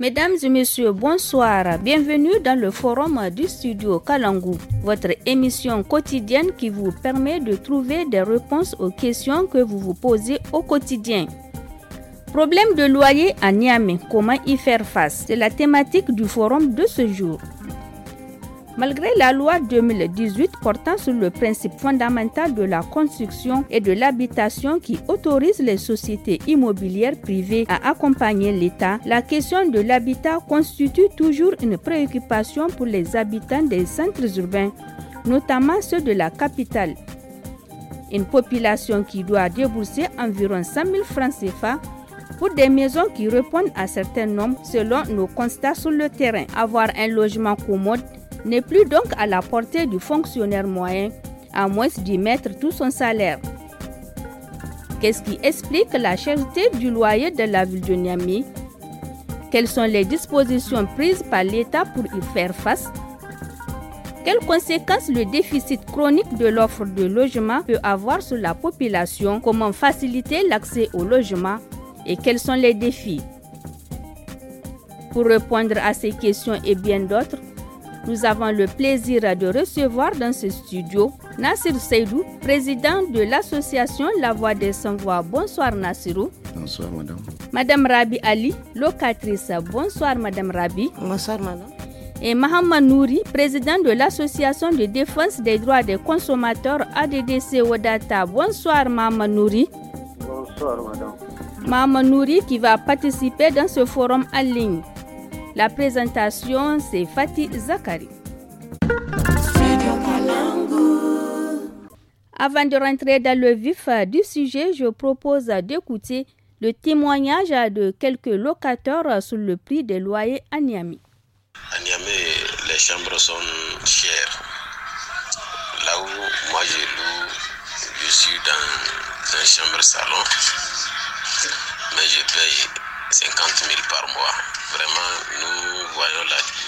Mesdames et messieurs, bonsoir. Bienvenue dans le forum du studio Kalangu, votre émission quotidienne qui vous permet de trouver des réponses aux questions que vous vous posez au quotidien. Problème de loyer à Niamey, comment y faire face C'est la thématique du forum de ce jour. Malgré la loi 2018 portant sur le principe fondamental de la construction et de l'habitation qui autorise les sociétés immobilières privées à accompagner l'État, la question de l'habitat constitue toujours une préoccupation pour les habitants des centres urbains, notamment ceux de la capitale. Une population qui doit débourser environ 100 000 francs CFA pour des maisons qui répondent à certains normes selon nos constats sur le terrain. Avoir un logement commode n'est plus donc à la portée du fonctionnaire moyen, à moins d'y mettre tout son salaire. Qu'est-ce qui explique la cherté du loyer de la ville de Niamey Quelles sont les dispositions prises par l'État pour y faire face Quelles conséquences le déficit chronique de l'offre de logement peut avoir sur la population Comment faciliter l'accès au logement Et quels sont les défis Pour répondre à ces questions et bien d'autres, nous avons le plaisir de recevoir dans ce studio Nassir Seydou, président de l'association La Voix des Sans-Voix. Bonsoir Nassirou. Bonsoir madame. Madame Rabi Ali, locatrice. Bonsoir madame Rabi. Bonsoir madame et Mahama Nouri, président de l'Association de défense des droits des consommateurs ADDC Odata. Bonsoir Madame Nouri. Bonsoir madame. Mahama Nouri qui va participer dans ce forum en ligne. La présentation, c'est Fatih Zakari. Avant de rentrer dans le vif du sujet, je propose d'écouter le témoignage de quelques locataires sur le prix des loyers à Niamey. À Niamey, les chambres sont chères. Là où moi je loue, je suis dans un chambre salon, mais je paye 50 000 par mois. Vraiment, nous voyons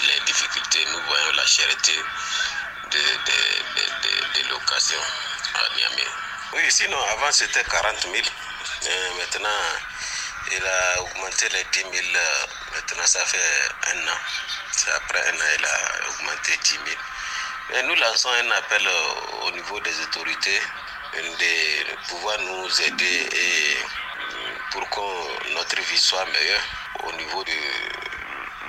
les difficultés, nous voyons la cherté des de, de, locations à Niamey. Oui, sinon, avant c'était 40 000. maintenant, il a augmenté les 10 000. Maintenant, ça fait un an. après un an, il a augmenté 10 000. Mais nous lançons un appel au niveau des autorités de pouvoir nous aider et pour que notre vie soit meilleure au niveau de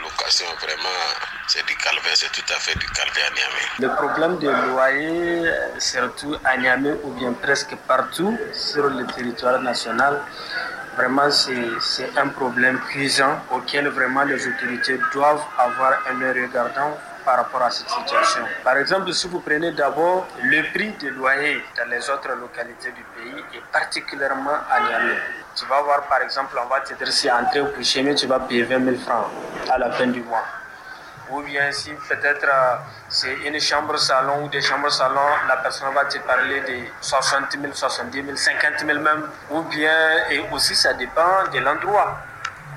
location. Vraiment, c'est du calvaire, c'est tout à fait du calvaire à Niamey. Le problème de loyer, surtout à Niamey ou bien presque partout sur le territoire national, vraiment c'est un problème cuisant auquel vraiment les autorités doivent avoir un regardant par rapport à cette situation. Par exemple, si vous prenez d'abord le prix des loyers dans les autres localités du pays est particulièrement à Niamey. Tu vas voir par exemple, on va te dire si entrer au Pouchemé, tu vas payer 20 000 francs à la fin du mois. Ou bien si peut-être euh, c'est une chambre salon ou des chambres salon, la personne va te parler de 60 000, 70 000, 50 000 même. Ou bien, et aussi ça dépend de l'endroit.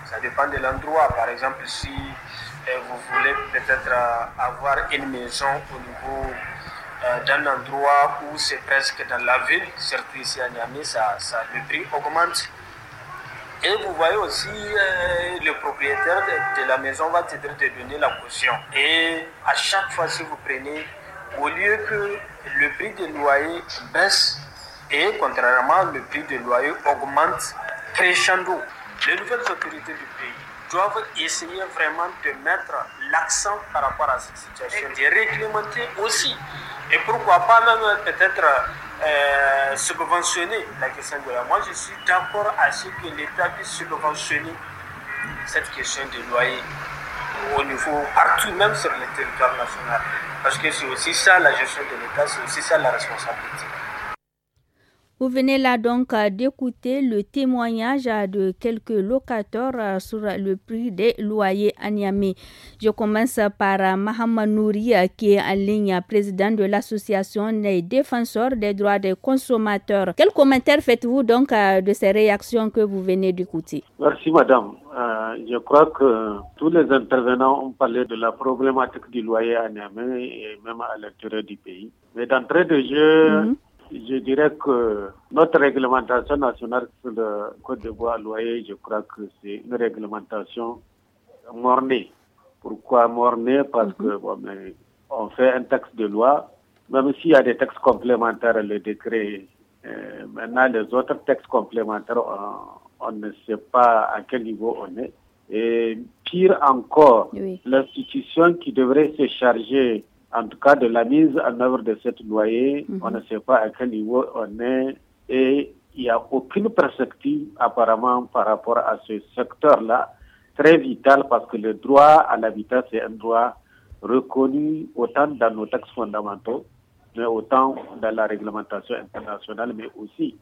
Ça dépend de l'endroit. Par exemple, si et vous voulez peut-être euh, avoir une maison au niveau euh, d'un endroit où c'est presque dans la ville, surtout ici à Niamey, ça, le prix augmente. Et vous voyez aussi, euh, le propriétaire de, la maison va te de donner la caution. Et à chaque fois, si vous prenez, au lieu que le prix de loyer baisse, et contrairement, le prix de loyer augmente crescendo. Les nouvelles autorités du pays doivent essayer vraiment de mettre l'accent par rapport à cette situation, de réglementer aussi. Et pourquoi pas même peut-être euh, subventionner la question de la. Moi, je suis d'accord à ce que l'État puisse subventionner cette question des loyers au niveau partout, même sur le territoire national. Parce que c'est aussi ça la gestion de l'État, c'est aussi ça la responsabilité. Vous venez là donc euh, d'écouter le témoignage euh, de quelques locataires euh, sur le prix des loyers à Niamey. Je commence par Mahama Nouri qui est en ligne président de l'association des défenseurs des droits des consommateurs. Quel commentaire faites-vous donc de ces réactions que vous venez d'écouter Merci madame. je crois que tous les intervenants ont parlé de la problématique du loyer à Niamey et même à l'intérieur du pays. Mais d'entrée de jeu, mhm je dirais que notre réglementation nationale sur le code de voie loyer, je crois que c'est une réglementation mornée. Pourquoi mornée Parce qu'on que mhm. on fait un texte de loi, même s'il y a des textes complémentaires, le décret, euh, maintenant les autres textes complémentaires, on, ne sait pas à quel niveau on est. Et pire encore, l'institution qui devrait se charger en tout cas de la mise en œuvre de cette loyer, mhm. on ne sait pas à quel niveau on est et il n'y a aucune perspective apparemment par rapport à ce secteur-là, très vital parce que le droit à l'habitat, c'est un droit reconnu autant dans nos textes fondamentaux, mais autant dans la réglementation internationale, mais aussi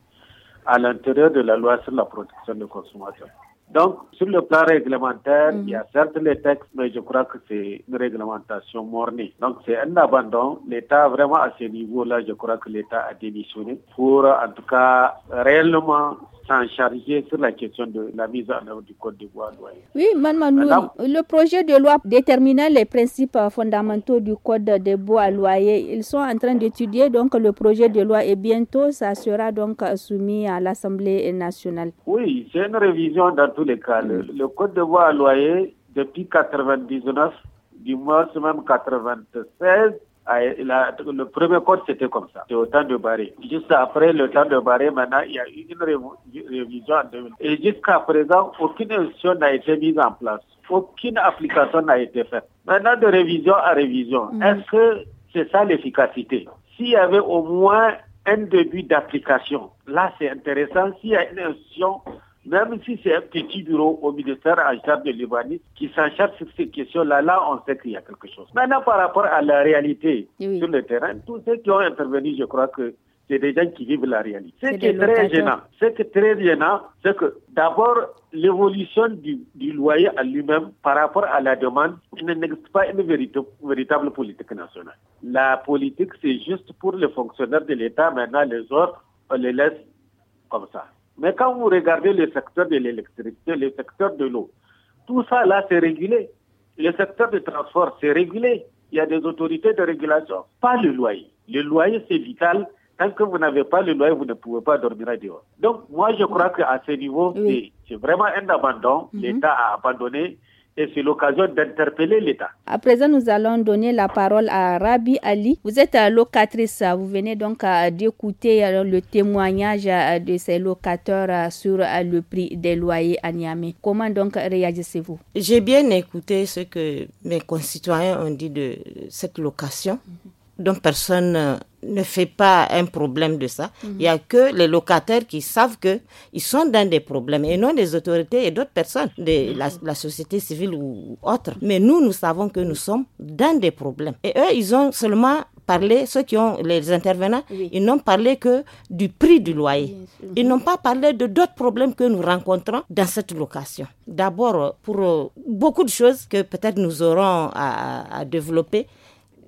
à l'intérieur de la loi sur la protection des consommateurs. Donc, sur le plan réglementaire, mm. il y a certes les textes, mais je crois que c'est une réglementation mornée. Donc, c'est un abandon. L'État, vraiment, à ce niveau-là, je crois que l'État a démissionné pour, en tout cas, réellement s'en charger sur la question de la mise en œuvre du Code à loyer. Oui, Madame le projet de loi déterminant les principes fondamentaux du Code des bois loyer, ils sont en train d'étudier donc le projet de loi et bientôt ça sera donc soumis à l'Assemblée nationale. Oui, c'est une révision dans tous les cas. Le, Code des bois loyer, depuis 99, du mois même 96, ah, le premier code, c'était comme ça, au temps de Barré. Juste après le temps de barrer maintenant, il y a eu une révision en Et jusqu'à présent, aucune institution n'a été mise en place. Aucune application n'a été faite. Maintenant, de révision à révision, mm. est-ce que c'est ça l'efficacité S'il y avait au moins un début d'application, là, c'est intéressant. S'il y a une institution même si c'est un petit bureau au ministère en de l'urbanisme qui s'en charge sur ces questions-là, là, on sait qu'il y a quelque chose. Maintenant, par rapport à la réalité sur le terrain, tous ceux qui ont intervenu, je crois que c'est des gens qui vivent la réalité. Ce qui est très gênant, ce très gênant, c'est que d'abord, l'évolution du, loyer en lui-même par rapport à la demande, il n'existe pas une véritable politique nationale. La politique, c'est juste pour les fonctionnaires de l'État. Maintenant, les autres, on les laisse comme ça. Mais quand vous regardez le secteur de l'électricité, le secteur de l'eau, tout ça là, c'est régulé. Le secteur de transport, c'est régulé. Il y a des autorités de régulation, pas le loyer. Le loyer, c'est vital. Tant que vous n'avez pas le loyer, vous ne pouvez pas dormir à dehors. Donc, moi, je crois qu'à ce niveau, c'est vraiment un abandon. Mhm. L'État a abandonné et c'est l'occasion d'interpeller l'État. À présent, nous allons donner la parole à Rabi Ali. Vous êtes euh, locatrice, euh, vous venez donc euh, d'écouter le témoignage de ces locataires sur le prix des loyers à Niamey. Comment donc réagissez-vous J'ai bien écouté ce que mes concitoyens ont dit de cette location. Mhm. Donc personne euh, ne fait pas un problème de ça. Mhm. Il n'y a que les locataires qui savent qu'ils sont dans des problèmes et non les autorités et d'autres personnes de mhm. la, société civile ou autre. Mais nous, nous savons que nous sommes dans des problèmes. Et eux, ils ont seulement parlé, ceux qui ont les intervenants, ils n'ont parlé que du prix du loyer. Ils n'ont pas parlé de d'autres problèmes que nous rencontrons dans cette location. D'abord, euh, pour euh, beaucoup de choses que peut-être nous aurons à développer,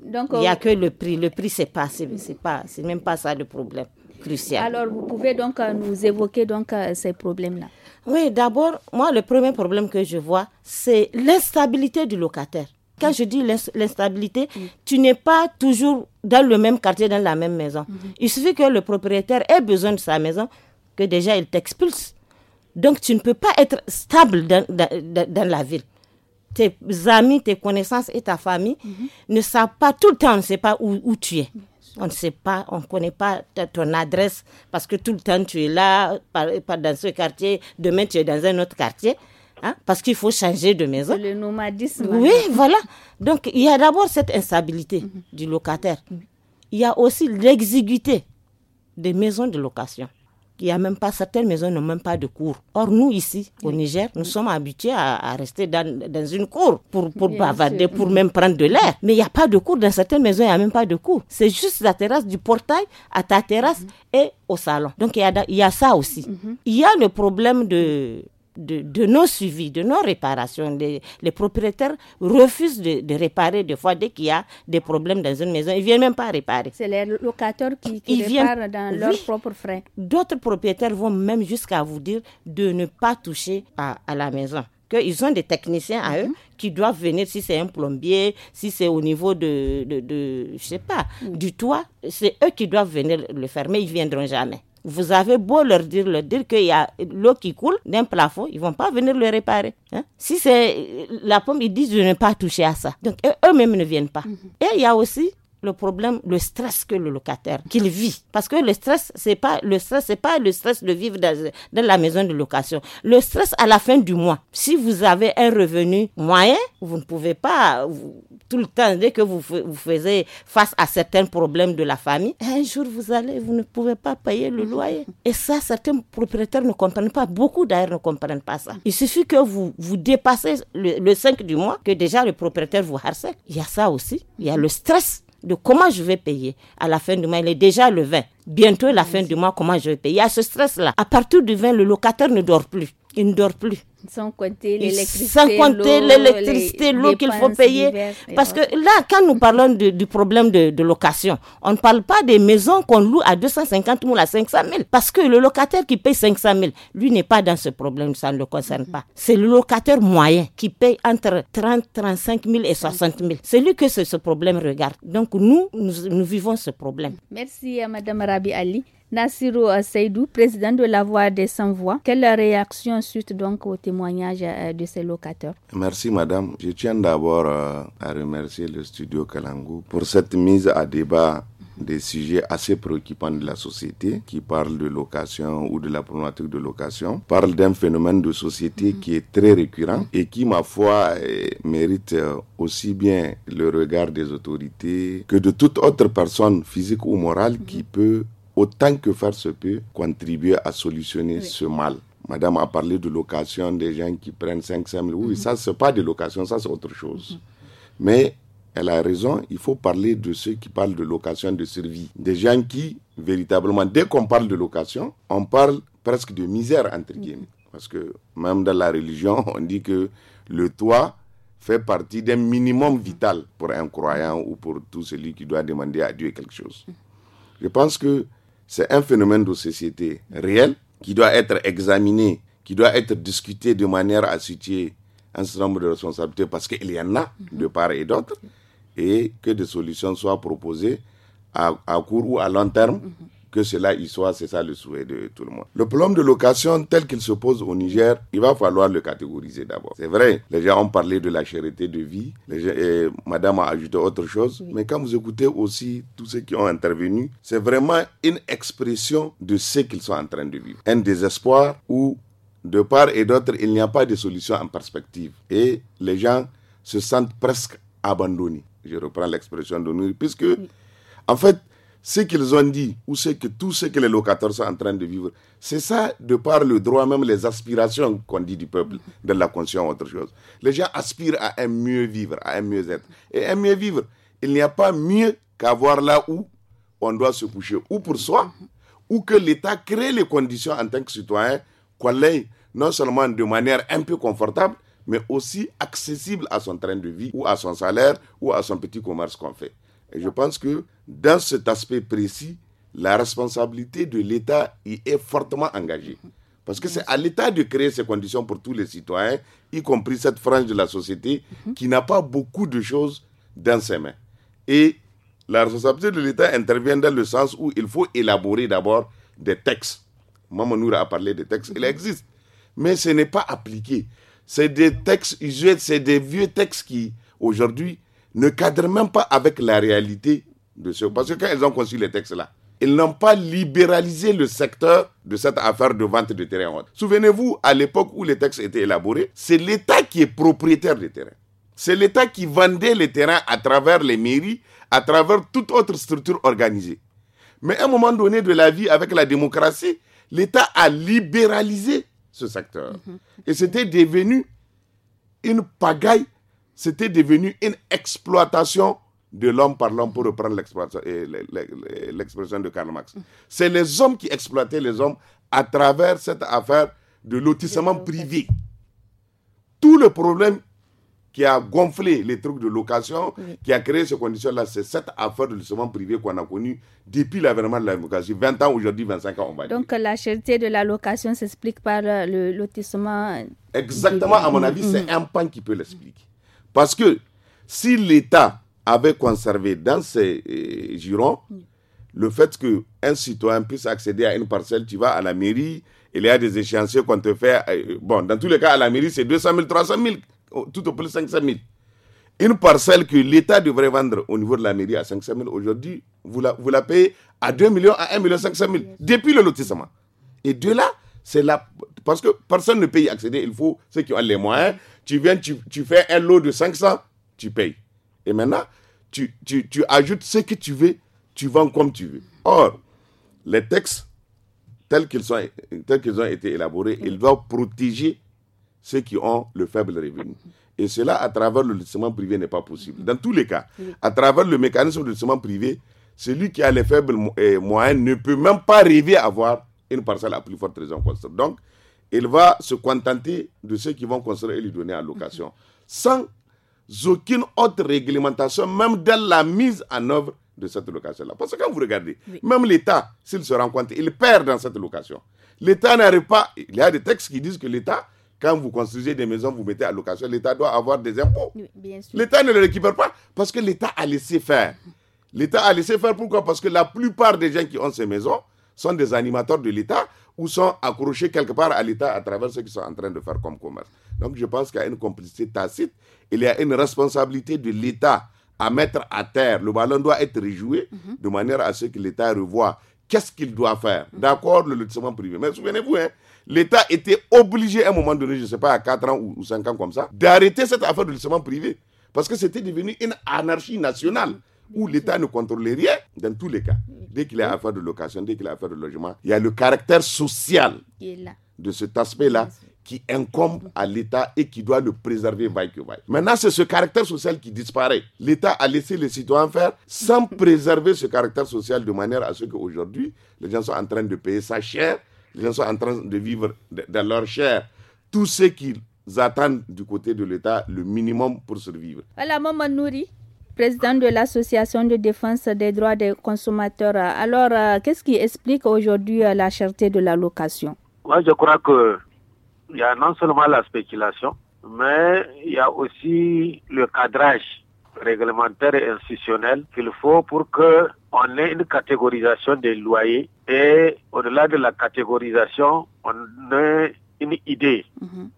il n'y a que le prix. Le prix, c'est pas, c'est pas, c'est même pas ça le problème crucial. Alors, vous pouvez donc euh, nous évoquer donc euh, ces problèmes-là. Oui, d'abord, moi, le premier problème que je vois, c'est l'instabilité du locataire. Quand je dis l'instabilité, mm. tu n'es pas toujours dans le même quartier, dans la même maison. Mm-hmm. Il suffit que le propriétaire ait besoin de sa maison, que déjà il t'expulse. Donc tu ne peux pas être stable dans, dans la ville tes amis, tes connaissances et ta famille mhm. ne savent pas tout le temps, on ne sait pas où, tu es. On ne sait pas, on ne connaît pas ton adresse parce que tout le temps tu es là, par, dans ce quartier, demain tu es dans un autre quartier. Hein, parce qu'il faut changer de maison. Le nomadisme. Oui, voilà. Donc, il y a d'abord cette instabilité mhm. du locataire. Il y a aussi l'exiguïté des maisons de location. Il n'y a même pas, certaines maisons n'ont même pas de cours. Or, nous, ici, au Niger, nous sommes habitués à, rester dans, une cour pour, bavarder, pour même prendre de l'air. Mais il n'y a pas de cours. Dans certaines maisons, il n'y a même pas de cours. C'est juste la terrasse du portail à ta terrasse mhm. et au salon. Donc, il il y a ça aussi. Mhm. Il y a le problème de de, nos suivis, de nos réparations. les propriétaires refusent de, réparer des fois dès qu'il y a des problèmes dans une maison. Ils ne viennent même pas réparer. C'est les locataires qui, réparent dans leurs propres frais. D'autres propriétaires vont même jusqu'à vous dire de ne pas toucher à, la maison. Ils ont des techniciens à eux mhm. qui doivent venir si c'est un plombier, si c'est au niveau de, de, je sais pas, mhm. du toit. C'est eux qui doivent venir le fermer. mais ils viendront jamais. Vous avez beau leur dire, leur dire qu'il y a l'eau qui coule d'un plafond, ils vont pas venir le réparer. Hein. Si c'est la pomme, ils disent je ne pas toucher à ça. Donc eux-mêmes ne viennent pas. Mm-hmm. Et il y a aussi le problème, le stress que le locataire qu'il vit. Parce que le stress, c'est pas le stress, c'est pas le stress de vivre dans, la maison de location. Le stress à la fin du mois. Si vous avez un revenu moyen, vous ne pouvez pas tout le temps dès que vous vous faisiez face à certains problèmes de la famille, un jour vous allez, vous ne pouvez pas payer le loyer. Et ça, certains propriétaires ne comprennent pas. Beaucoup d'ailleurs ne comprennent pas ça. Il suffit que vous vous dépassez le, le 5 du mois que déjà le propriétaire vous harcèle. Il y a ça aussi. Il y a le stress de comment je vais payer à la fin du mois. Il est déjà le 20. Bientôt la fin du mois, comment je vais payer. Il ce stress-là. À partir du 20, le locataire ne dort plus. Il ne dort plus. Sans compter l'électricité, l'eau qu'il faut payer. Parce que là, quand nous parlons du problème de, location, on ne parle pas des maisons qu'on loue à 250 000 à 500 000. Parce que le locataire qui paye 500 000, lui n'est pas dans ce problème, ça ne le concerne pas. C'est le locataire moyen qui paye entre 30, 35 000 et 60 000. C'est lui que ce, problème regarde. Donc nous, nous, vivons ce problème. Merci à Madame Rabi Ali. Nassiro Seydou, président de la Voix des Sans-Voix, quelle réaction suite donc au témoignage euh, de ces locataires Merci madame. Je tiens d'abord euh, à remercier le studio Kalangou pour cette mise à débat des sujets assez préoccupants de la société qui parle de location ou de la problématique de location, parle d'un phénomène de société mm-hmm. qui est très récurrent et qui, ma foi, eh, mérite euh, aussi bien le regard des autorités que de toute autre personne physique ou morale qui mm-hmm. peut autant que faire se peut, contribuer à solutionner ce mal. Madame a parlé de location des gens qui prennent 500 000. Oui, mhm. ça, ce n'est pas de location, ça, c'est autre chose. Mais elle a raison, il faut parler de ceux qui parlent de location de survie. Des gens qui, véritablement, dès qu'on parle de location, on parle presque de misère, entre mhm. guillemets. Parce que même dans la religion, on dit que le toit fait partie d'un minimum vital pour un croyant ou pour tout celui qui doit demander à Dieu quelque chose. Mhm. Je pense que c'est un phénomène de société réel qui doit être examiné, qui doit être discuté de manière à situer un certain nombre de responsabilités parce qu'il y en a mhm. de part et d'autre et que des solutions soient proposées à, court ou à long terme mhm que cela y soit, c'est ça le souhait de tout le monde. Le problème de location tel qu'il se pose au Niger, il va falloir le catégoriser d'abord. C'est vrai, les gens ont parlé de la charité de vie, les madame a ajouté autre chose, mais quand vous écoutez aussi tous ceux qui ont intervenu, c'est vraiment une expression de ce qu'ils sont en train de vivre. Un désespoir où, de part et d'autre, il n'y a pas de solution en perspective. Et les gens se sentent presque abandonnés. Je reprends l'expression de nous, puisque, en fait, ce qu'ils ont dit ou ce que tout ce que les locataires sont en train de vivre, c'est ça, de par le droit, même les aspirations qu'on dit du peuple, de la conscience, autre chose. Les gens aspirent à un mieux vivre, à un mieux être. Et un mieux vivre, il n'y a pas mieux qu'avoir là où on doit se coucher, ou pour soi, ou que l'État crée les conditions en tant que citoyen qu'on ait non seulement de manière un peu confortable, mais aussi accessible à son train de vie, ou à son salaire, ou à son petit commerce qu'on fait. Et je pense que dans cet aspect précis, la responsabilité de l'État y est fortement engagée. Parce que c'est à l'État de créer ces conditions pour tous les citoyens, y compris cette frange de la société qui n'a pas beaucoup de choses dans ses mains. Et la responsabilité de l'État intervient dans le sens où il faut élaborer d'abord des textes. Mamanoura a parlé des textes, il existe. Mais ce n'est pas appliqué. C'est des textes usuels, c'est des vieux textes qui, aujourd'hui, ne cadrent même pas avec la réalité parce que quand ils ont conçu les textes-là, ils n'ont pas libéralisé le secteur de cette affaire de vente de terrain. Souvenez-vous, à l'époque où les textes étaient élaborés, c'est l'État qui est propriétaire des terrains. C'est l'État qui vendait les terrains à travers les mairies, à travers toute autre structure organisée. Mais à un moment donné de la vie, avec la démocratie, l'État a libéralisé ce secteur. Mhm. Et c'était devenu une pagaille, c'était devenu une exploitation de l'homme par l'homme, pour reprendre euh, l'expression de Karl Marx. C'est les hommes qui exploitaient les hommes à travers cette affaire de lotissement privé. Tout le problème qui a gonflé les trucs de location, qui a créé ces conditions-là. C'est cette affaire de lotissement privé qu'on a connue depuis l'avènement de la démocratie. 20 ans aujourd'hui, 25 ans, on va Donc, Donc la cherté de la location s'explique par euh, le lotissement. Exactement, à mon avis, mm, c'est mm, mm. un pan qui peut l'expliquer. Parce que si l'État avait conservé dans ses jurons euh, le fait qu'un citoyen puisse accéder à une parcelle, tu vas à la mairie, il y a des échéanciers qu'on te fait. Euh, bon, dans tous les cas, à la mairie, c'est 200 000, 300 000, tout au plus 500 000. Une parcelle que l'État devrait vendre au niveau de la mairie à 500 000 aujourd'hui, vous la, vous la payez à 2 millions, à 1 500 000, depuis le lotissement. Et de là, c'est là, parce que personne ne peut y accéder, il faut ceux qui ont les moyens. Tu viens, tu fais un lot de 500, tu payes. Et maintenant, tu, ajoutes ce que tu veux, tu vends comme tu veux. Or, les textes tels qu'ils sont tels qu'ils ont été élaborés, ils doivent protéger ceux qui ont le faible revenu. Et cela, à travers le logement privé, n'est pas possible. Dans tous les cas, à travers le mécanisme de logement privé, celui qui a les faibles euh, moyens ne peut même pas rêver avoir une parcelle à plus forte raison Donc, il va se contenter de ceux qui vont construire et lui donner à location, mhm. sans aucune autre réglementation, même dans la mise en œuvre de cette location-là. Parce que quand vous regardez, même l'État, s'il se rend compte, il perd dans cette location. L'État n'arrive pas. Il y a des textes qui disent que l'État, quand vous construisez des maisons, vous mettez à location, l'État doit avoir des impôts. L'État ne le récupère pas parce que l'État a laissé faire. L'État a laissé faire pourquoi Parce que la plupart des gens qui ont ces maisons sont des animateurs de l'État ou sont accrochés quelque part à l'État à travers ce qu'ils sont en train de faire comme commerce. Donc je pense qu'il y a une complicité tacite, il y a une responsabilité de l'État à mettre à terre. Le ballon doit être rejoué mhm. de manière à ce que l'État revoie qu'est-ce qu'il doit faire. D'accord, le lotissement privé. Mais souvenez-vous, hein, l'État était obligé à un moment donné, je ne sais pas, à 4 ans ou 5 ans comme ça, d'arrêter cette affaire de lotissement privé. Parce que c'était devenu une anarchie nationale où l'État ne contrôle rien, dans tous les cas, dès qu'il a affaire de location, dès qu'il a affaire de logement, il y a le caractère social de cet aspect-là qui incombe à l'État et qui doit le préserver vaille que vaille. Maintenant, c'est ce caractère social qui disparaît. L'État a laissé les citoyens faire sans préserver ce caractère social de manière à ce qu'aujourd'hui, les gens sont en train de payer sa chair, les gens sont en train de vivre dans leur chair. Tout ce qu'ils attendent du côté de l'État, le minimum pour survivre. Voilà, Maman nourrit président de l'Association de défense des droits des consommateurs. Alors, euh, qu'est-ce qui explique aujourd'hui euh, la cherté de la location Moi, je crois qu'il y a non seulement la spéculation, mais il y a aussi le cadrage réglementaire et institutionnel qu'il faut pour qu'on ait une catégorisation des loyers et au-delà de la catégorisation, on ait une idée mhm.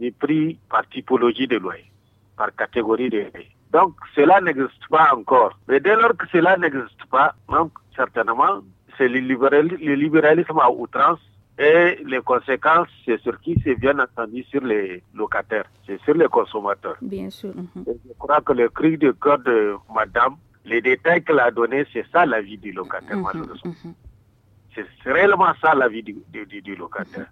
des prix par typologie de loyers, par catégorie de loyers. Donc cela n'existe pas encore. Mais dès lors que cela n'existe pas, donc certainement, c'est le, libéralisme à outrance et les conséquences, c'est sur qui C'est bien entendu sur les locataires, c'est sur les consommateurs. Bien sûr. Uh-huh. Je crois que le cri de cœur de madame, les détails qu'elle a donnés, c'est ça la vie du locataire, uh-huh, uh-huh. C'est réellement ça la vie du, locataire.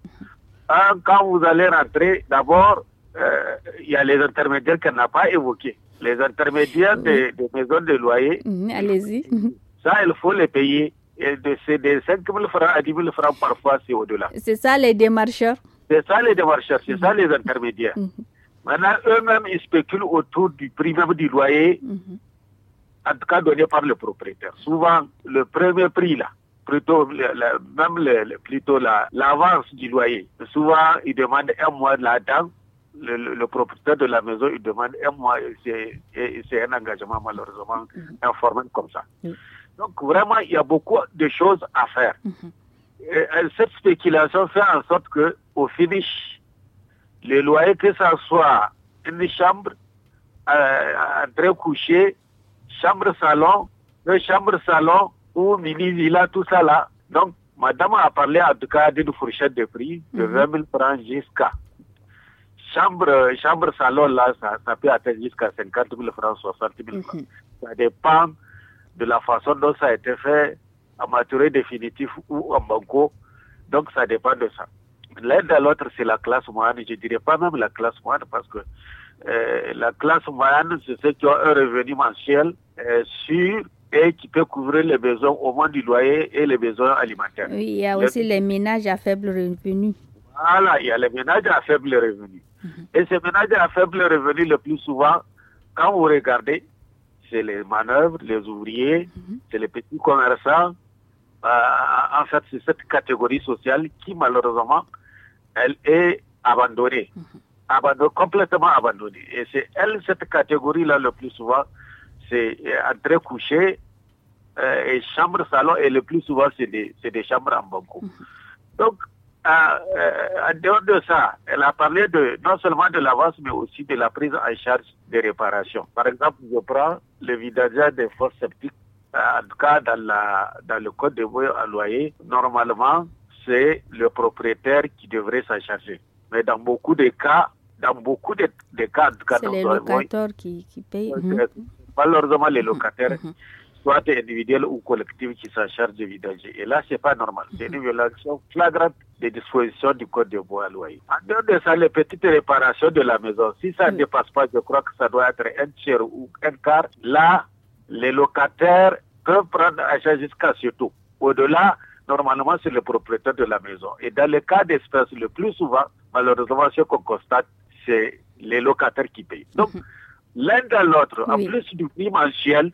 Hein, quand vous allez rentrer, d'abord, euh, il y a les intermédiaires qu'elle n'a pas évoqués les intermédiaires des, maisons de loyer. Mm, allez-y. Ça, il faut les payer. Et de, c'est des 5 000 francs à 10 000 francs parfois, c'est au-delà. C'est ça les démarcheurs C'est ça les démarcheurs, c'est ça mm-hmm. les intermédiaires. Mm-hmm. Maintenant, eux-mêmes, ils spéculent autour du prix même du loyer, mm-hmm. en tout cas donné par le propriétaire. Souvent, le premier prix là, plutôt même le, plutôt l'avance du loyer, souvent, ils demandent un mois de la le, propriétaire de la maison, il demande un mois et c'est un engagement malheureusement mhm. informel comme ça. Donc vraiment, il y a beaucoup de choses à faire. Mhm. Euh, cette spéculation fait en sorte que au finish, les loyers, que ça soit une chambre, un euh, très couché, chambre salon, une euh, chambre salon ou mini villa, tout ça là. Donc, madame a parlé en tout cas d'une fourchette de prix de 20 mhm. 000 francs jusqu'à chambre, chambre salon, là, ça, peut atteindre jusqu'à 50 000 francs, 60 000 francs. Mhm. Ça dépend de la façon dont ça a été fait, en maturé définitif ou en banco. Donc, ça dépend de ça. L'un de l'autre, c'est la classe moyenne. Je dirais pas même la classe moyenne parce que euh, la classe moyenne, c'est ceux qui ont un revenu mensuel euh, sûr et qui peut couvrir les besoins au moins du loyer et les besoins alimentaires. Oui, il y a aussi les, les ménages à faible revenu. Voilà, il y a les ménages à faible revenu. Et ces ménages à faible revenu, le plus souvent, quand vous regardez, c'est les manœuvres, les ouvriers, c'est les petits commerçants. Euh, en fait, c'est cette catégorie sociale qui, malheureusement, elle est abandonnée. Abandon, complètement abandonnée. Et c'est elle, cette catégorie-là, le plus souvent, c'est euh, entrée couchée euh, et chambre salon, et le plus souvent, c'est des, chambres en banco. Mhm. Donc, ah, euh, en dehors de ça, elle a parlé de, non seulement de l'avance, mais aussi de la prise en charge des réparations. Par exemple, je prends le vidage des forces sceptiques. Euh, en tout cas, dans, le code de à loyer, normalement, c'est le propriétaire qui devrait s'en charger. Mais dans beaucoup de cas, dans beaucoup de, tout cas, c'est les locataires qui, qui payent. Malheureusement, mhm. les locataires. Mhm soit individuelle ou collective, qui s'en charge de vidanger. Et là, c'est pas normal. C'est une violation flagrante des dispositions du Code de bois loyer. En dehors de ça, les petites réparations de la maison, si ça ne dépasse pas, je crois que ça doit être un tiers ou un quart. Là, les locataires peuvent prendre un charge jusqu'à ce tout. Au-delà, normalement, c'est le propriétaire de la maison. Et dans le cas d'espèces, le plus souvent, malheureusement, ce qu'on constate, c'est les locataires qui payent. Donc, mhm. l'un dans l'autre, en plus du prix mensuel,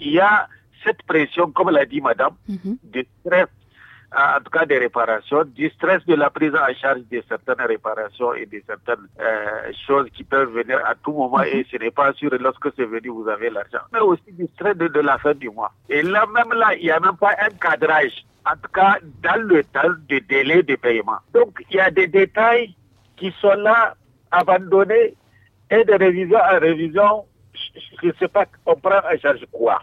il y a cette pression, comme l'a dit madame, mhm. du stress, euh, en tout cas des réparations, du stress de la prise en charge de certaines réparations et de certaines euh, choses qui peuvent venir à tout moment mhm. et ce n'est pas sûr lorsque c'est venu, vous avez l'argent. Mais aussi du stress de, la fin du mois. Et là, même là, il n'y a même pas un cadrage, en tout cas dans le temps de délai de paiement. Donc, il y a des détails qui sont là, abandonnés, et de révision à euh, révision, je ne sais pas, on prend en charge quoi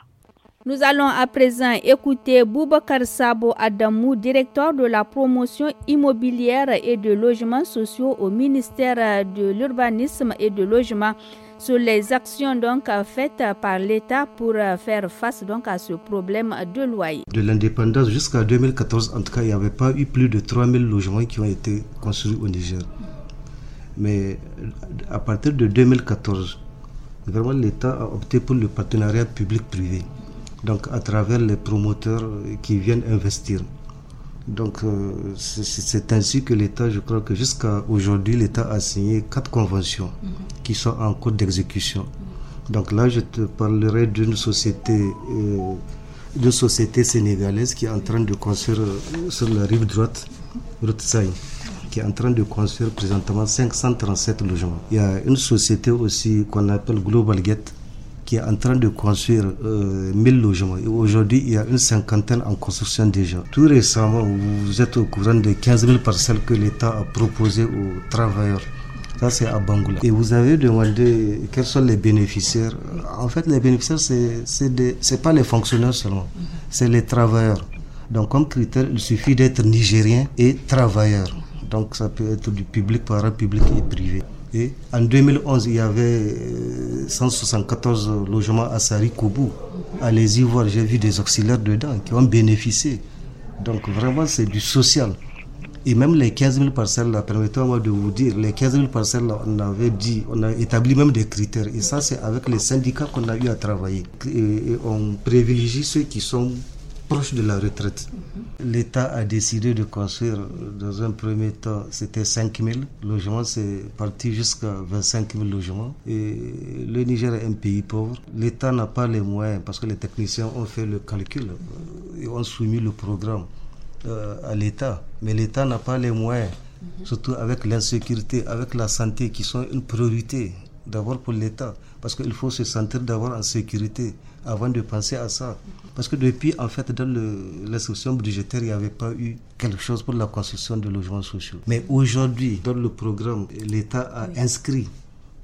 nous allons à présent écouter Boubacar Sabo Adamou, directeur de la promotion immobilière et de logements sociaux au ministère de l'Urbanisme et de Logement sur les actions donc faites par l'État pour faire face donc à ce problème de loyer. De l'indépendance jusqu'à 2014, en tout cas, il n'y avait pas eu plus de 3000 logements qui ont été construits au Niger. Mais à partir de 2014, Vraiment, l'État a opté pour le partenariat public-privé, donc à travers les promoteurs qui viennent investir. Donc, euh, c'est ainsi que l'État, je crois que jusqu'à aujourd'hui, l'État a signé quatre conventions qui sont en cours d'exécution. Donc là, je te parlerai d'une société, euh, société sénégalaise qui est en train de construire euh, sur la rive droite, Route qui est en train de construire présentement 537 logements. Il y a une société aussi qu'on appelle Global Get, qui est en train de construire 1000 euh, logements. aujourd'hui, il y a une cinquantaine en construction déjà. Tout récemment, vous êtes au courant des 15 000 parcelles que l'État a proposées aux travailleurs. Ça, c'est à Bangoula. Et vous avez demandé quels sont les bénéficiaires. En fait, les bénéficiaires, ce n'est pas les fonctionnaires seulement, mm-hmm. c'est les travailleurs. Donc, comme critère, il suffit d'être nigérien et travailleur. Donc ça peut être du public, parent public et privé. Et en 2011, il y avait 174 euh, logements à Sarikoubou. Allez-y voir, j'ai vu des auxiliaires dedans qui ont bénéficié. Donc vraiment, c'est du social. Et même les 15 000 parcelles, là, permettez-moi de vous dire, les 15 000 parcelles, là, on avait dit, on a établi même des critères. Et ça, c'est avec les syndicats qu'on a eu à travailler. Et on privilégie ceux qui sont proche de la retraite. L'État a décidé de construire, dans un premier temps, c'était 5 000 logements, c'est parti jusqu'à 25 000 logements. Et le Niger est un pays pauvre. L'État n'a pas les moyens parce que les techniciens ont fait le calcul et ont soumis le programme euh, à l'État. Mais l'État n'a pas les moyens, mhm. surtout avec l'insécurité, avec la santé qui sont une priorité d'abord pour l'État parce qu'il faut se sentir d'abord en sécurité avant de penser à ça. Parce que depuis, en fait, dans l'instruction budgétaire, il n'y avait pas eu quelque chose pour la construction de logements sociaux. Mais aujourd'hui, dans le programme, l'État a inscrit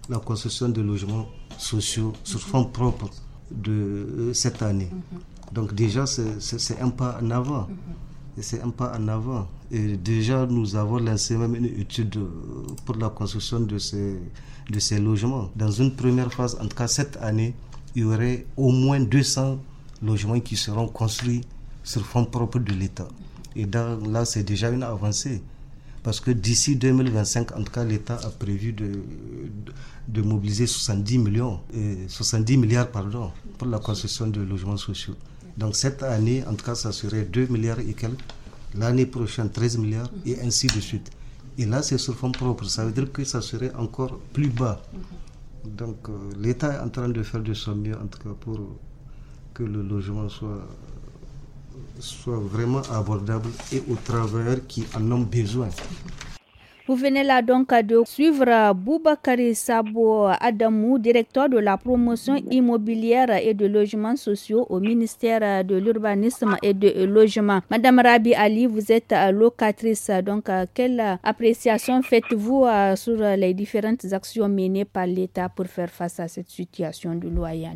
la construction de logements sociaux sur fonds mhm. propres de euh, cette année. Mhm. Donc déjà, c'est un pas en avant. Mhm. C'est un pas en avant. Et déjà, nous avons lancé même une étude euh, pour la construction de ces, de ces logements. Dans une première phase, en tout cas cette année, il y aurait au moins 200 logements qui seront construits sur fonds propres de l'État. Et là, c'est déjà une avancée. Parce que d'ici 2025, en tout cas, l'État a prévu de, de, mobiliser 70 millions, 70 milliards, pardon, pour la construction de logements sociaux. Donc cette année, en tout cas, ça serait 2 milliards et quelques. L'année prochaine, 13 milliards, et ainsi de suite. Et là, c'est sur fonds propres. Ça veut dire que ça serait encore plus bas. Donc euh, l'État est en train de faire de son mieux, en tout cas, pour que le logement soit, soit vraiment abordable et aux travailleurs qui en ont besoin. Vous venez là donc de suivre Boubakari Sabo Adamou, directeur de la promotion immobilière et de logements sociaux au ministère de l'urbanisme et de logement. Madame Rabi Ali, vous êtes locatrice, donc euh, quelle appréciation faites-vous euh, sur les différentes actions menées par l'État pour faire face à cette situation du loyer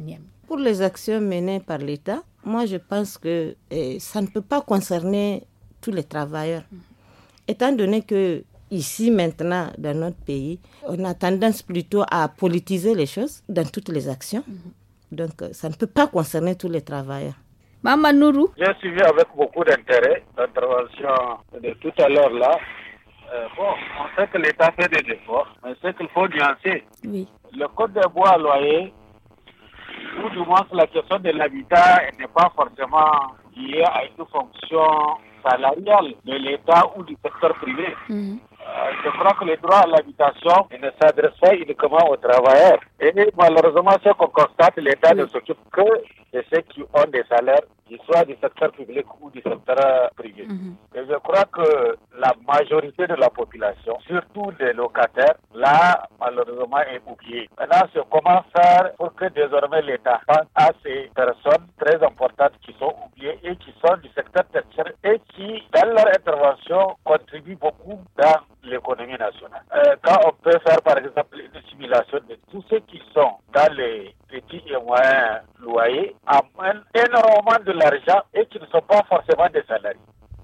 Pour les actions menées par l'État, moi je pense que eh, ça ne peut pas concerner tous les travailleurs. Mm-hmm. Étant donné que ici maintenant dans notre pays, on a tendance plutôt à politiser les choses dans toutes les actions. Mhm. Donc euh, ça ne peut pas concerner tous les travailleurs. Maman Nourou. J'ai suivi avec beaucoup d'intérêt l'intervention de tout à l'heure là. Euh, bon, on sait que l'État fait des efforts, mais c'est qu'il faut nuancer. Oui. Le code des bois à loyer, ou du moins la question de l'habitat n'est pas forcément liée à une fonction salariale de l'État ou du secteur privé. Mhm. Euh, je crois que le droit à l'habitation ne s'adresse pas uniquement aux travailleurs. Et malheureusement, ce qu'on constate, l'État ne s'occupe que de ceux qui ont des salaires, qu'ils soient du secteur public ou du secteur euh, privé. Mhm. Et je crois que la majorité de la population, surtout des locataires, là, malheureusement, est oubliée. Maintenant, c'est comment faire pour que désormais l'État pense à ces personnes l'argent et qui ne sont pas forcément des salariés.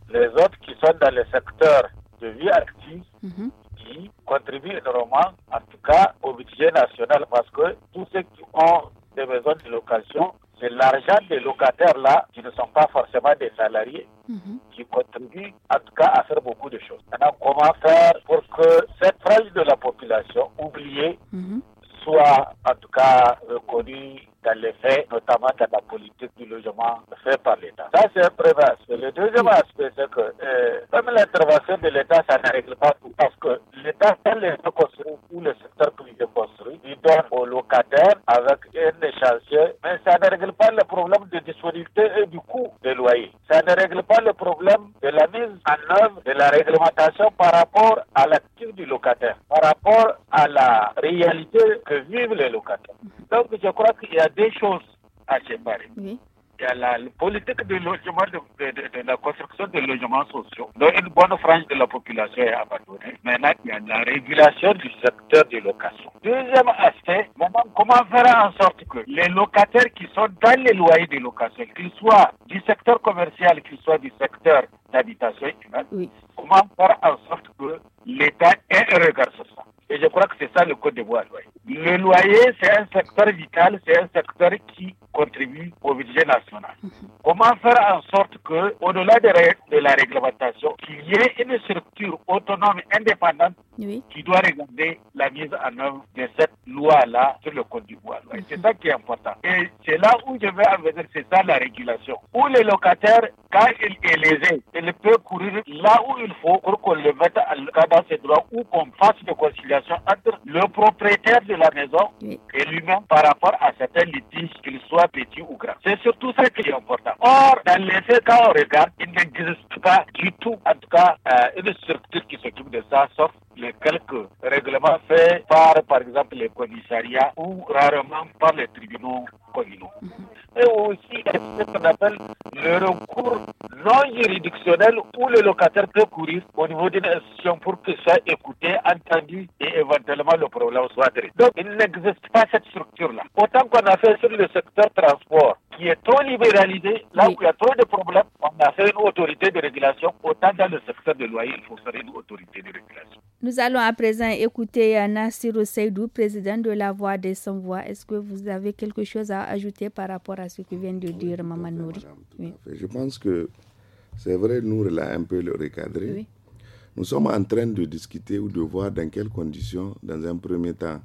Les autres qui sont dans le secteur de vie active, mhm. qui contribuent énormément, en tout cas, au budget national, parce que tous ceux qui ont des maisons de location, c'est l'argent des locataires-là, qui ne sont pas forcément des salariés, mhm. qui contribuent en tout cas à faire beaucoup de choses. Maintenant, comment faire pour que cette frange de la population oubliée mhm. soit en tout cas reconnue dans les faits, notamment dans la politique du logement fait par l'État. Ça, c'est un premier aspect. Le deuxième aspect, c'est que euh, même l'intervention de l'État, ça ne règle pas tout. Parce que l'État, quand les construit construits ou le secteur privé construit, il donne aux locataires avec un échéancier, mais ça ne règle pas le problème de disponibilité et du coût des loyers. Ça ne règle pas le problème de la mise en œuvre de la réglementation par rapport à l'actif du locataire, par rapport à la réalité que vivent les locataires. Donc, je crois qu'il y a deux choses à séparer. Il y a la politique de logement, de, la construction de logements sociaux, dont une bonne frange de la population est abandonnée. Maintenant, il y a la régulation du secteur des locations. Deuxième aspect, comment faire en sorte que les locataires qui sont dans les loyers de location, qu'ils soient du secteur commercial, qu'ils soient du secteur d'habitation comment faire en sorte que l'État ait un regard sur ça et je crois que c'est ça le code du bois. Le loyer, c'est un secteur vital, c'est un secteur qui contribue au budget national. Comment faire en sorte que, au-delà de, de, la réglementation, qu'il y ait une structure autonome indépendante qui doit regarder la mise en œuvre de cette loi-là sur le code du bois. C'est mhm. ça qui est important. Et c'est là où je vais en venir, c'est ça la régulation. Où les locataires, quand il est lésé, il peut courir là où il faut pour qu'on le mette dans ses droits ou qu'on fasse de conciliation entre le propriétaire de la maison et lui-même par rapport à certains litiges, qu'ils soient petits ou grands. C'est surtout ça qui est important. Or, dans les faits, quand on regarde, il n'existe pas du tout, en tout cas, euh, une structure qui s'occupe de ça, sauf les quelques règlements faits par, par exemple, les commissariats ou rarement par les tribunaux communaux. Mhm. Et aussi, ce qu'on appelle le recours non juridictionnel où le locataire peut courir au niveau d'une institution pour que soit écouté, entendu et éventuellement le problème soit traité. Donc, il n'existe pas cette structure-là. Autant qu'on a fait sur le secteur transport, il est trop libéralisé, là où il y a trop de problèmes, on a fait une autorité de régulation. Autant dans le secteur de loyer, il faut faire une autorité de régulation. Nous allons à présent écouter euh, Nassir Seydou, président de la Voix des Sans Voix. Est-ce que vous avez quelque chose à ajouter par rapport à ce que vient de dire Maman Nouri Je pense que c'est vrai, nous l'a un peu le recadré. Nous sommes en train de discuter ou de voir dans quelles conditions, dans un premier temps,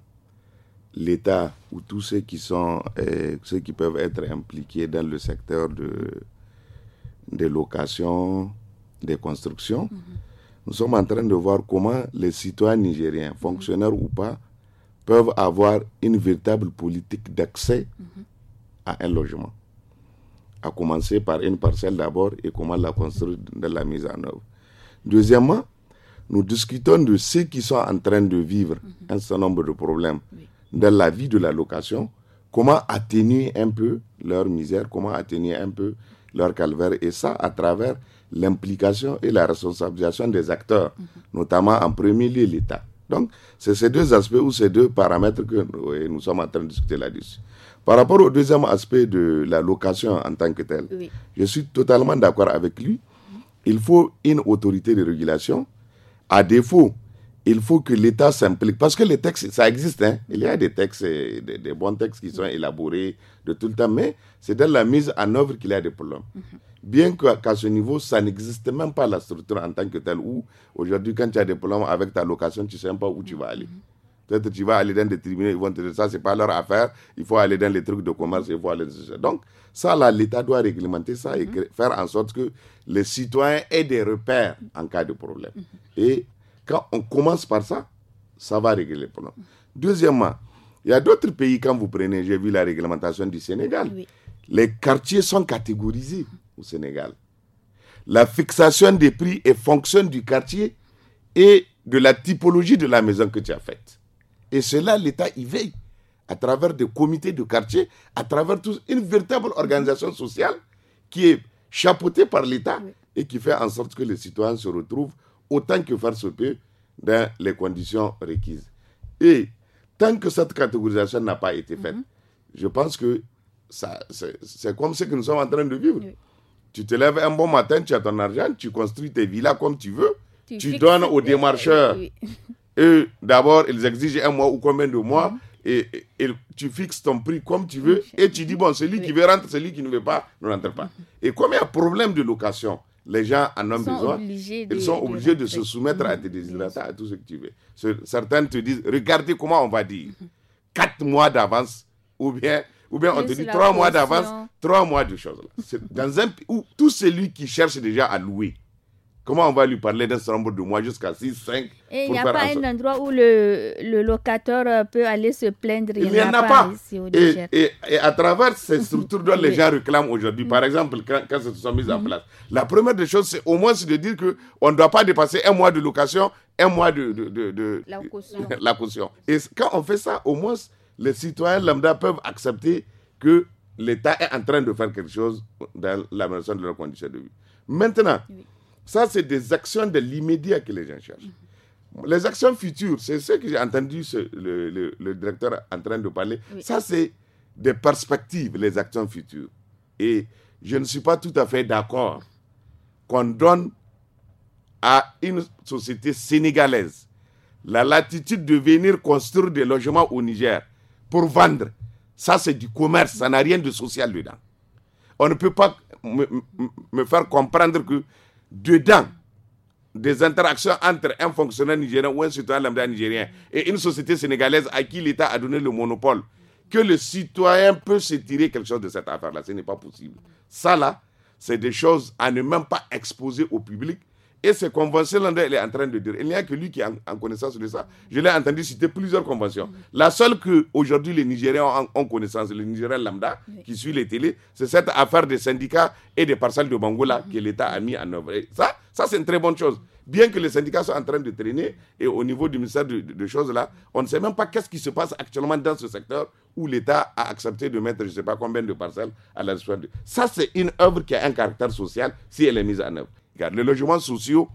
l'État ou tous ceux qui sont euh, ceux qui peuvent être impliqués dans le secteur de des locations, des constructions. Mhm. Nous sommes en train de voir comment les citoyens nigériens, fonctionnaires ou pas, peuvent avoir une véritable politique d'accès mhm. à un logement. À commencer par une parcelle d'abord et comment la construire dans la mise en œuvre. Deuxièmement, nous discutons de ceux qui sont en train de vivre mhm. un certain nombre de problèmes. Oui dans la vie de la location, comment atténuer un peu leur misère, comment atténuer un peu leur calvaire, et ça à travers l'implication et la responsabilisation des acteurs, mhm. notamment en premier lieu l'État. Donc, c'est ces deux aspects ou ces deux paramètres que nous sommes en train de discuter là-dessus. Par rapport au deuxième aspect de la location en tant que telle, je suis totalement d'accord avec lui. Il faut une autorité de régulation. À défaut il faut que l'État s'implique. Parce que les textes, ça existe. Hein. Il y a des textes, euh, des, bons textes qui sont élaborés de tout le temps, mais c'est dans la mise en œuvre qu'il y a des problèmes. Mhm. Bien qu'à ce niveau, ça n'existe même pas la structure en tant que telle, où aujourd'hui, quand tu as des problèmes avec ta location, tu ne sais même pas où tu vas aller. Mhm. Peut-être tu vas aller dans des tribunaux, ils vont te dire ça, c'est pas leur affaire, il faut aller dans les trucs de commerce, il faut aller dans Donc, ça, là, l'État doit réglementer ça et mhm. faire en sorte que les citoyens aient des repères en cas de problème. Et quand on commence par ça, ça va régler le problème. Deuxièmement, il y a d'autres pays, quand vous prenez, j'ai vu la réglementation du Sénégal, les quartiers sont catégorisés au Sénégal. La fixation des prix est fonction du quartier et de la typologie de la maison que tu as faite. Et cela, l'État y veille à travers des comités de quartier, à travers une véritable organisation sociale qui est chapeautée par l'État et qui fait en sorte que les citoyens se retrouvent autant que faire se peut dans les conditions requises. Et tant que cette catégorisation n'a pas été faite, mhm. je pense que c'est comme ce que nous sommes en train de vivre. Tu te lèves un bon matin, tu as ton argent, tu construis tes villas comme tu veux, tu, donnes aux démarcheurs. Eux, d'abord, ils exigent un mois ou combien de mois. Mhm. Et, tu fixes ton prix comme tu veux et tu dis bon celui qui veut rentrer, celui qui ne veut pas ne rentre pas mhm. et comme il y a problème de location les gens en ont besoin. ils sont obligés de, se soumettre à tes mmh, désirs à tout ce que tu veux. Certains te disent, regardez comment on va dire, mmh. quatre mois d'avance, ou bien, ou bien on te dit 3 mois d'avance, trois mois de choses. Dans un où tout celui qui cherche déjà à louer, Comment on va lui parler d'un certain nombre de mois jusqu'à 6, 5 Et il n'y a pas un endroit où le, le, locataire peut aller se plaindre. Il n'y en a, pas. et, et, à travers ces structures dont les gens réclament aujourd'hui, par mm-hmm. exemple, quand, quand se sont mises en mm-hmm. place, la première des choses, c'est au moins de dire qu'on ne doit pas dépasser un mois de location, un mois de, de, de, la, caution. la caution. Et quand on fait ça, au moins, les citoyens lambda peuvent accepter que l'État est en train de faire quelque chose dans l'amélioration de leurs conditions de vie. Maintenant, ça, c'est des actions de l'immédiat que les gens cherchent. Mhm. Les actions futures, c'est ce que j'ai entendu le, directeur en train de parler. Ça, c'est des perspectives, les actions futures. Et je ne suis pas tout à fait d'accord qu'on donne à une société sénégalaise la latitude de venir construire des logements au Niger pour vendre. Ça, c'est du commerce, ça n'a rien de social dedans. On ne peut pas me faire comprendre que dedans des interactions entre un fonctionnaire nigérien ou un citoyen lambda nigérien et une société sénégalaise à qui l'État a donné le monopole, que le citoyen peut se tirer quelque chose de cette affaire-là. Ce n'est pas possible. Ça, là, c'est des choses à ne même pas exposer au public et ces conventions-là, est en train de dire. Il n'y a que lui qui est en, connaissance de ça. Je l'ai entendu citer plusieurs conventions. Mm-hmm. La seule que aujourd'hui les Nigériens ont, connaissance, les Nigériens lambda, qui suit les télés, c'est cette affaire des syndicats et des parcelles de Bangola mm-hmm. que l'État a mis en œuvre. Et ça, ça c'est une très bonne chose. Bien que les syndicats soient en train de traîner, et au niveau du ministère de, choses-là, on ne sait même pas qu'est-ce qui se passe actuellement dans ce secteur où l'État a accepté de mettre je ne sais pas combien de parcelles à la disposition. Ça, c'est une œuvre qui a un caractère social si elle est mise en œuvre les logements sociaux,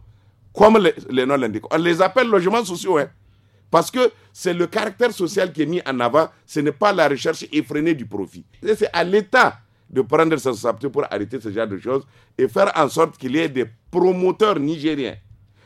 comme les, non noms on les appelle logements sociaux, hein. parce que c'est le caractère social qui est mis en avant, ce n'est pas la recherche effrénée du profit. C'est à l'État de prendre sa responsabilité pour arrêter ce genre de choses et faire en sorte qu'il y ait des promoteurs nigériens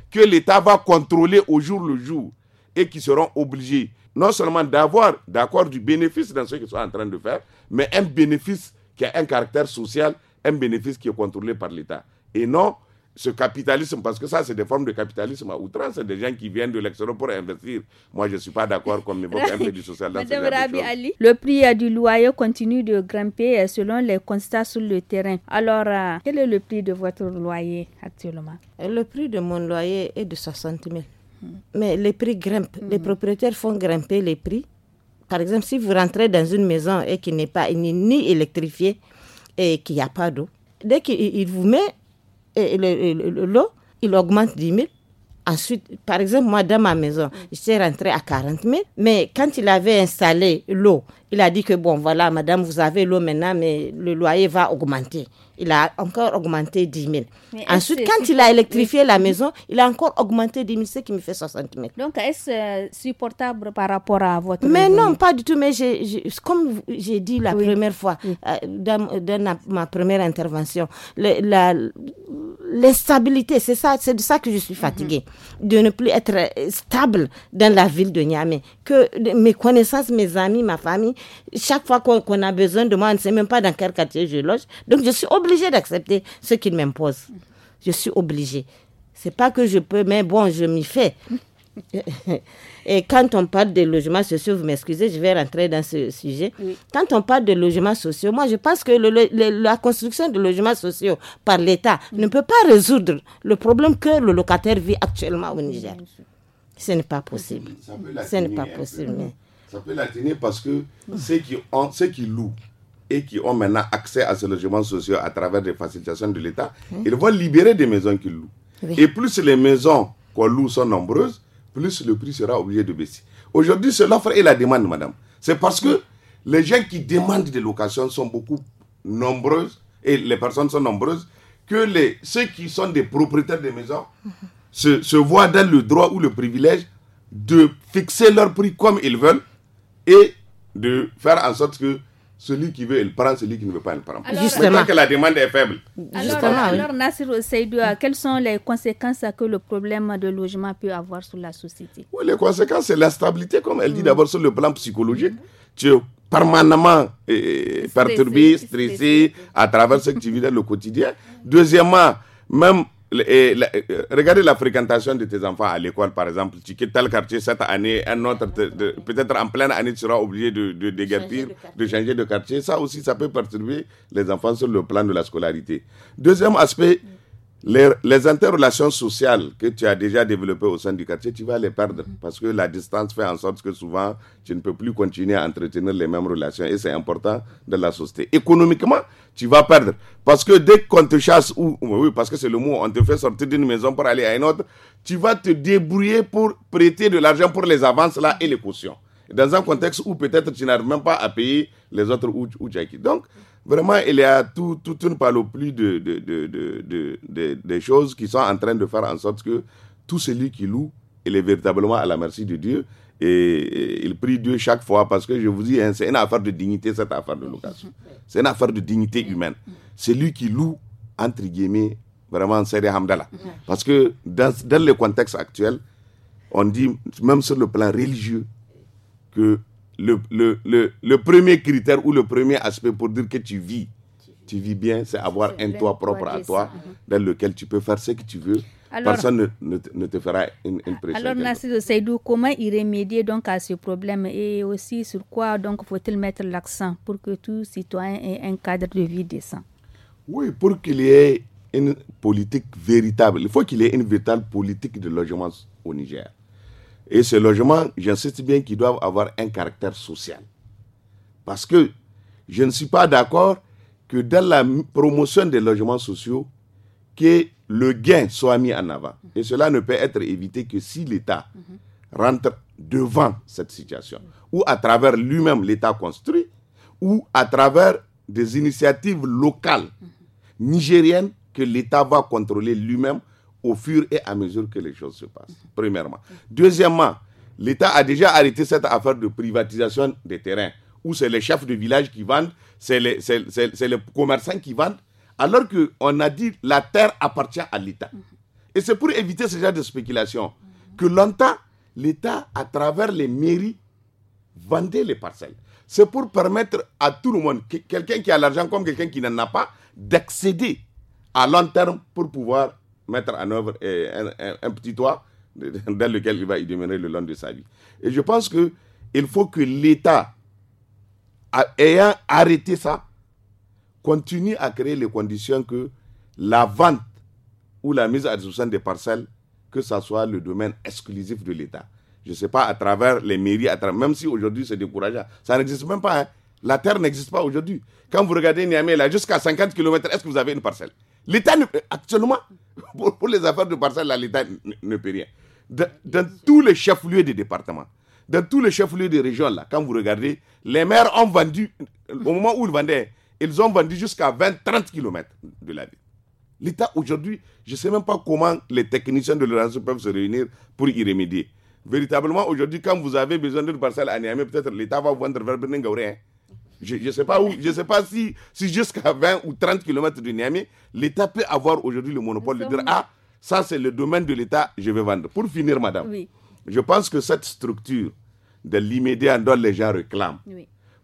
que l'État va contrôler au jour le jour et qui seront obligés non seulement d'avoir d'accord du bénéfice dans ce qu'ils sont en train de faire, mais un bénéfice qui a un caractère social, un bénéfice qui est contrôlé par l'État. Et non ce capitalisme, parce que ça, c'est des formes de capitalisme à outrance, c'est des gens qui viennent de l'extérieur pour investir. Moi, je ne suis pas d'accord comme les un peu du social. Madame Ali, le prix euh, du loyer continue de grimper euh, selon les constats sur le terrain. Alors, euh, quel est le prix de votre loyer actuellement Le prix de mon loyer est de 60 000. Hmm. Mais les prix grimpent. Les hmm. propriétaires font grimper les prix. Par exemple, si vous rentrez dans une maison et qui n'est pas ni électrifiée et qu'il n'y a pas d'eau, dès qu'il vous met et l'eau, il augmente 10 000. Ensuite, par exemple, moi, dans ma maison, j'étais rentré à 40 000, mais quand il avait installé l'eau il a dit que, bon, voilà, madame, vous avez l'eau maintenant, mais le loyer va augmenter. Il a encore augmenté 10 000. Ensuite, quand il a électrifié la maison, il a encore augmenté 10 000, ce qui me fait 60 000. Donc, est-ce euh, supportable par rapport à votre... Mais non, pas du tout. Mais comme j'ai dit la première fois, euh, dans, ma première intervention, l'instabilité, la, c'est ça, c'est de ça que je suis fatiguée, mhm. de ne plus être stable dans la ville de Niamey. Que mes connaissances, mes amis, ma famille chaque fois qu'on a besoin de moi, on ne sait même pas dans quel quartier je loge. Donc, je suis obligée d'accepter ce qu'ils m'imposent. Je suis obligée. C'est pas que je peux, mais bon, je m'y fais. Et quand on parle des logements sociaux, vous m'excusez, je vais rentrer dans ce sujet. Quand on parle de logements sociaux, moi je pense que la construction de logements sociaux par l'État mm. ne peut pas résoudre le problème que le locataire vit actuellement au Niger. Ce n'est pas possible. Ce n'est pas possible. Ça peut l'atteindre parce que ceux qui, ceux qui louent et qui ont maintenant accès à ces logements sociaux à travers des facilitations de l'État, ils vont libérer des maisons qu'ils louent. Et plus les maisons qu'on loue sont nombreuses, plus le prix sera obligé de baisser. Aujourd'hui, c'est l'offre et la demande, madame. C'est parce que les gens qui demandent des locations sont beaucoup nombreuses et les personnes sont nombreuses que les, ceux qui sont des propriétaires des maisons se, se voient dans le droit ou le privilège de fixer leur prix comme ils veulent et de faire en sorte que celui qui veut, il prend, celui qui ne veut pas, il prend. Alors, Justement. que la demande est faible. Alors, Nasser quelles sont les conséquences que le problème de logement peut avoir sur la société oui, Les conséquences, c'est la stabilité, comme elle dit mm. d'abord sur le plan psychologique. Mm. Tu es permanemment eh, eh, perturbé, stressé, stressé, à travers ce que tu vis dans le quotidien. Deuxièmement, même et euh, regardez la fréquentation de tes enfants à l'école, par exemple. Tu quittes tel quartier cette année, un autre, peut-être en pleine année, tu seras obligé de, de, de, changer de changer de quartier. Ça aussi, ça peut perturber les enfants sur le plan de la scolarité. Deuxième aspect, les, interrelations sociales que tu as déjà développées au sein du quartier, tu vas les perdre mm-hmm. parce que la distance fait en sorte que souvent tu ne peux plus continuer à entretenir les mêmes relations et c'est important de la société. Économiquement, tu vas perdre parce que dès qu'on te chasse, ou oui, parce que c'est le mot, on te fait sortir d'une maison pour aller à une autre, tu vas te débrouiller pour prêter de l'argent pour les avances là et les cautions. Dans un contexte où peut-être tu n'arrives même pas à payer les autres ou, ou Donc, Vraiment, il y a tout, toute une paloplie de, de, de, de, choses qui sont en train de faire en sorte que tout celui qui loue, il est véritablement à la merci de Dieu et il prie Dieu chaque fois parce que je vous dis, hein, c'est une affaire de dignité, cette affaire de location. C'est une affaire de dignité humaine. c'est lui qui loue, entre guillemets, vraiment, c'est Hamdallah. Parce que dans, dans le contexte actuel, on dit, même sur le plan religieux, que le, le, le, premier critère ou le premier aspect pour dire que tu vis, tu vis bien, c'est avoir un toit propre à toi mhm. dans lequel tu peux faire ce que tu veux. Personne ne, ne, te fera une, pression. Alors, Nassir Seydou, comment y remédier donc à ce problème et aussi sur quoi donc faut-il mettre l'accent pour que tout citoyen ait un cadre de vie décent Oui, pour qu'il y ait une politique véritable, il faut qu'il y ait une véritable politique de logement au Niger. Et ces logements, j'insiste bien qu'ils doivent avoir un caractère social. Parce que je ne suis pas d'accord que dans la promotion des logements sociaux, que le gain soit mis en avant. Et cela ne peut être évité que si l'État rentre devant cette situation, ou à travers lui-même l'État construit, ou à travers des initiatives locales nigériennes que l'État va contrôler lui-même au fur et à mesure que les choses se passent, premièrement. Deuxièmement, l'État a déjà arrêté cette affaire de privatisation des terrains, où c'est les chefs de village qui vendent, c'est les, les, commerçants qui vendent, alors qu'on a dit la terre appartient à l'État. Et c'est pour éviter ce genre de spéculation que longtemps, l'État, à travers les mairies, vendait les parcelles. C'est pour permettre à tout le monde, quelqu'un qui a l'argent comme quelqu'un qui n'en a pas, d'accéder à long terme pour pouvoir mettre en œuvre euh, un, petit toit dans lequel il va y demeurer le long de sa vie. Et je pense qu'il faut que l'État, ayant arrêté ça, continue à créer les conditions que la vente ou la mise à disposition des parcelles, que ce soit le domaine exclusif de l'État. Je ne sais pas, à travers les mairies, à même si aujourd'hui c'est décourageant, ça n'existe même pas. Hein. La terre n'existe pas aujourd'hui. Quand vous regardez Niamey, là, jusqu'à 50 km, est-ce que vous avez une parcelle L'État, euh, actuellement, pour, les affaires de parcelle, l'État ne peut rien. Dans, tous les chefs-lieux des départements, dans tous les chefs-lieux des régions, là, quand vous regardez, les maires ont vendu, au moment où ils vendaient, ils ont vendu jusqu'à 20-30 km de la ville. L'État aujourd'hui, je ne sais même pas comment les techniciens de l'urgence peuvent se réunir pour y remédier. Véritablement, aujourd'hui, quand vous avez besoin d'une parcelle à Niamey, peut-être l'État va vous vendre vers Benin je ne sais pas où, je sais pas si, si jusqu'à 20 ou 30 km de Niamey, l'État peut avoir aujourd'hui le monopole de dire Ah, ça c'est le domaine de l'État, je vais vendre. Pour finir, madame, je pense que cette structure de l'immédiat dont les gens réclament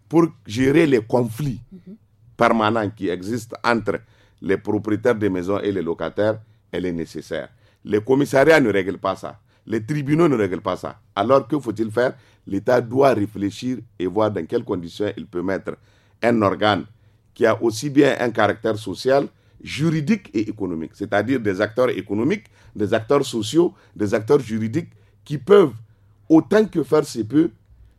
pour gérer les conflits mhm. permanents qui existent entre les propriétaires des maisons et les locataires, elle est nécessaire. Les commissariats ne règlent pas ça. Les tribunaux ne règlent pas ça. Alors que faut-il faire l'État doit réfléchir et voir dans quelles conditions il peut mettre un organe qui a aussi bien un caractère social, juridique et économique, c'est-à-dire des acteurs économiques, des acteurs sociaux, des acteurs juridiques qui peuvent, autant que faire se peut,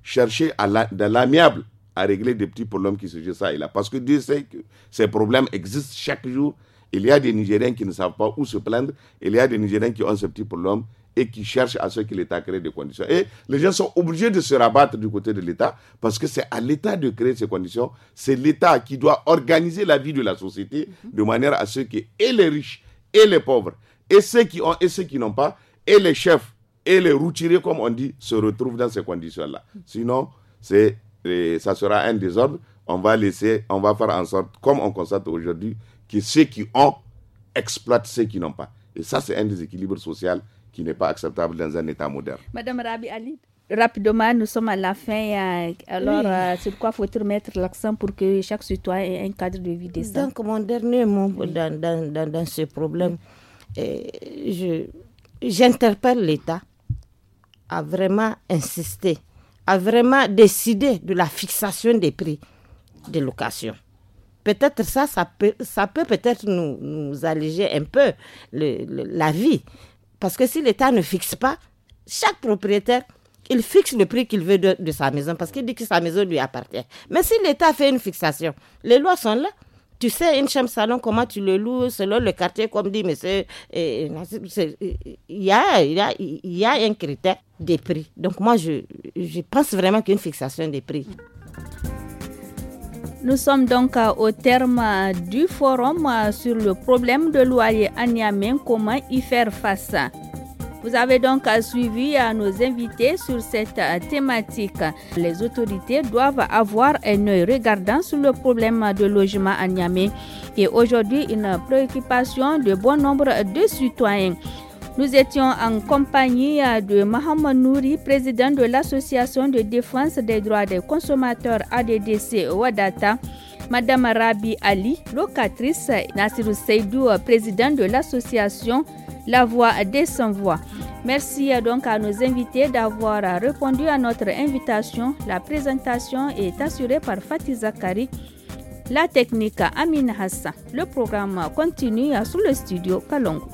chercher à de l'amiable à régler des petits problèmes qui se jouent ça et Parce que Dieu sait que ces problèmes existent chaque jour. Il y a des Nigériens qui ne savent pas où se plaindre. Il y a des Nigériens qui ont ce petit problèmes et qui cherche à ce que l'État crée des conditions. Et les gens sont obligés de se rabattre du côté de l'État parce que c'est à l'État de créer ces conditions. C'est l'État qui doit organiser la vie de la société mhm. de manière à ce que et les riches et les pauvres et ceux qui ont et ceux qui n'ont pas et les chefs et les routiers comme on dit se retrouvent dans ces conditions-là. Mhm. Sinon, c'est euh, ça sera un désordre. On va laisser, on va faire en sorte, comme on constate aujourd'hui, que ceux qui ont exploitent ceux qui n'ont pas. Et ça, c'est un déséquilibre social qui n'est pas acceptable dans un État moderne. Madame Rabi Ali, rapidement, nous sommes à la fin. Euh, alors, euh, sur quoi faut-il mettre l'accent pour que chaque citoyen ait un cadre de vie décent Donc, mon dernier mot dans, dans, dans, ce problème, euh, je j'interpelle l'État à vraiment insister, à vraiment décider de la fixation des prix de location. Peut-être ça, ça peut, ça peut peut-être nous, nous, alléger un peu le, la vie. Parce que si l'État ne fixe pas, chaque propriétaire, il fixe le prix qu'il veut de, sa maison parce qu'il dit que sa maison lui appartient. Mais si l'État fait une fixation, les lois sont là. Tu sais, une chambre salon, comment tu le loues selon le quartier, comme dit monsieur. Eh, eh, eh, il y a, y a, un critère des prix. Donc moi, je, je pense vraiment qu'une fixation des prix. Nous sommes donc euh, au terme euh, du forum euh, sur le problème de loyer à Niamey, comment y faire face. Vous avez donc suivi nos invités sur cette thématique. Les autorités doivent avoir un œil regardant sur le problème de logement à Niamey, et aujourd'hui une préoccupation de bon nombre de citoyens. Nous étions en compagnie euh, de Mohamed Nouri, président de l'Association de défense des droits des consommateurs ADDC Wadata. Madame Rabi Ali, locatrice, Nassir Seydou, euh, président de l'association La Voix des Sans-Voix. Merci euh, donc à nos invités d'avoir répondu à notre invitation. La présentation est assurée par Fatih Zakari, la technique Amin Hassan. Le programme continue sous le studio Kalongo.